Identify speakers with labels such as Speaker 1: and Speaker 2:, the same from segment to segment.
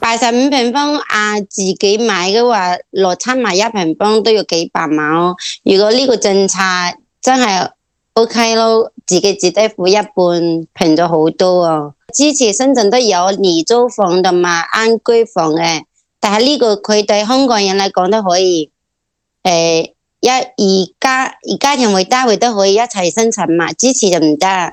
Speaker 1: 八十五平方啊，自己買嘅話，落差買一平方都要
Speaker 2: 幾百萬哦。如果呢個政策真係 OK 咯，自己只低付一半，平咗好多哦。之前深圳都有二租房同埋安居房嘅，但係呢個佢對香港人嚟講都可以。誒、
Speaker 1: 呃，一而家而家庭會單位都可以一齊申請嘛，支持就唔得。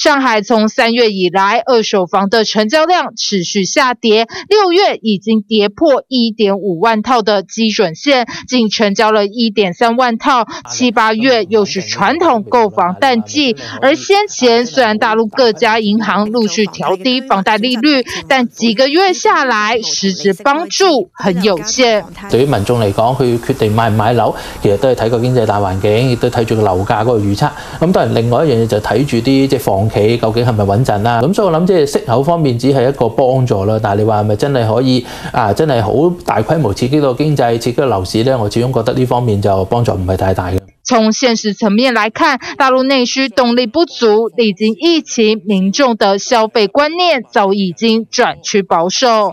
Speaker 1: 上海從三月以來，二手房的成交量持續下跌，六月已經跌破一點五萬套的基準線，僅成交了一點三萬套。七八月又是傳統購房淡季，而先前雖然大陸各家銀行陸續調低房貸利率，但幾個月下來，實質幫助很有限。
Speaker 3: 對於民眾嚟講，佢決定買唔買樓，其實都係睇個經濟大環境，亦都睇住樓價嗰個預測。咁當然，另外一樣嘢就睇住啲即房。佢究竟係咪穩陣啦？咁所以我諗即係息口方面只係一個幫助啦，但係你話係咪真係可以啊？真係好大規模刺激到經濟、刺激樓市咧？我始終覺得呢方面就幫助唔係太大嘅。
Speaker 1: 從現實層面嚟看，大陸內需動力不足，歷經疫情，民眾的消費觀念就已經轉趨保守。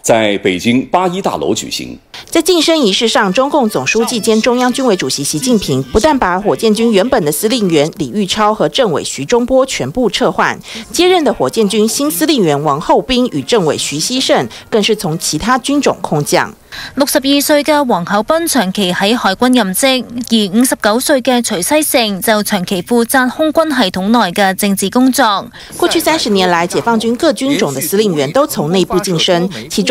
Speaker 4: 在北京八一大樓舉行。
Speaker 3: 在晉升儀式上，中共總書記兼中央軍委主席習近平不但把火箭軍原本的司令員李玉超和政委徐忠波全部撤換，接任的火箭軍新司令員王厚斌與政委徐西盛更是從其他軍種空降。六十二歲嘅王厚斌長期喺海軍任職，而五十九歲嘅徐西盛就長期負責空軍系統內嘅政治工作。過去三十年來，解放軍各軍種的司令員都從內部晉升，其中。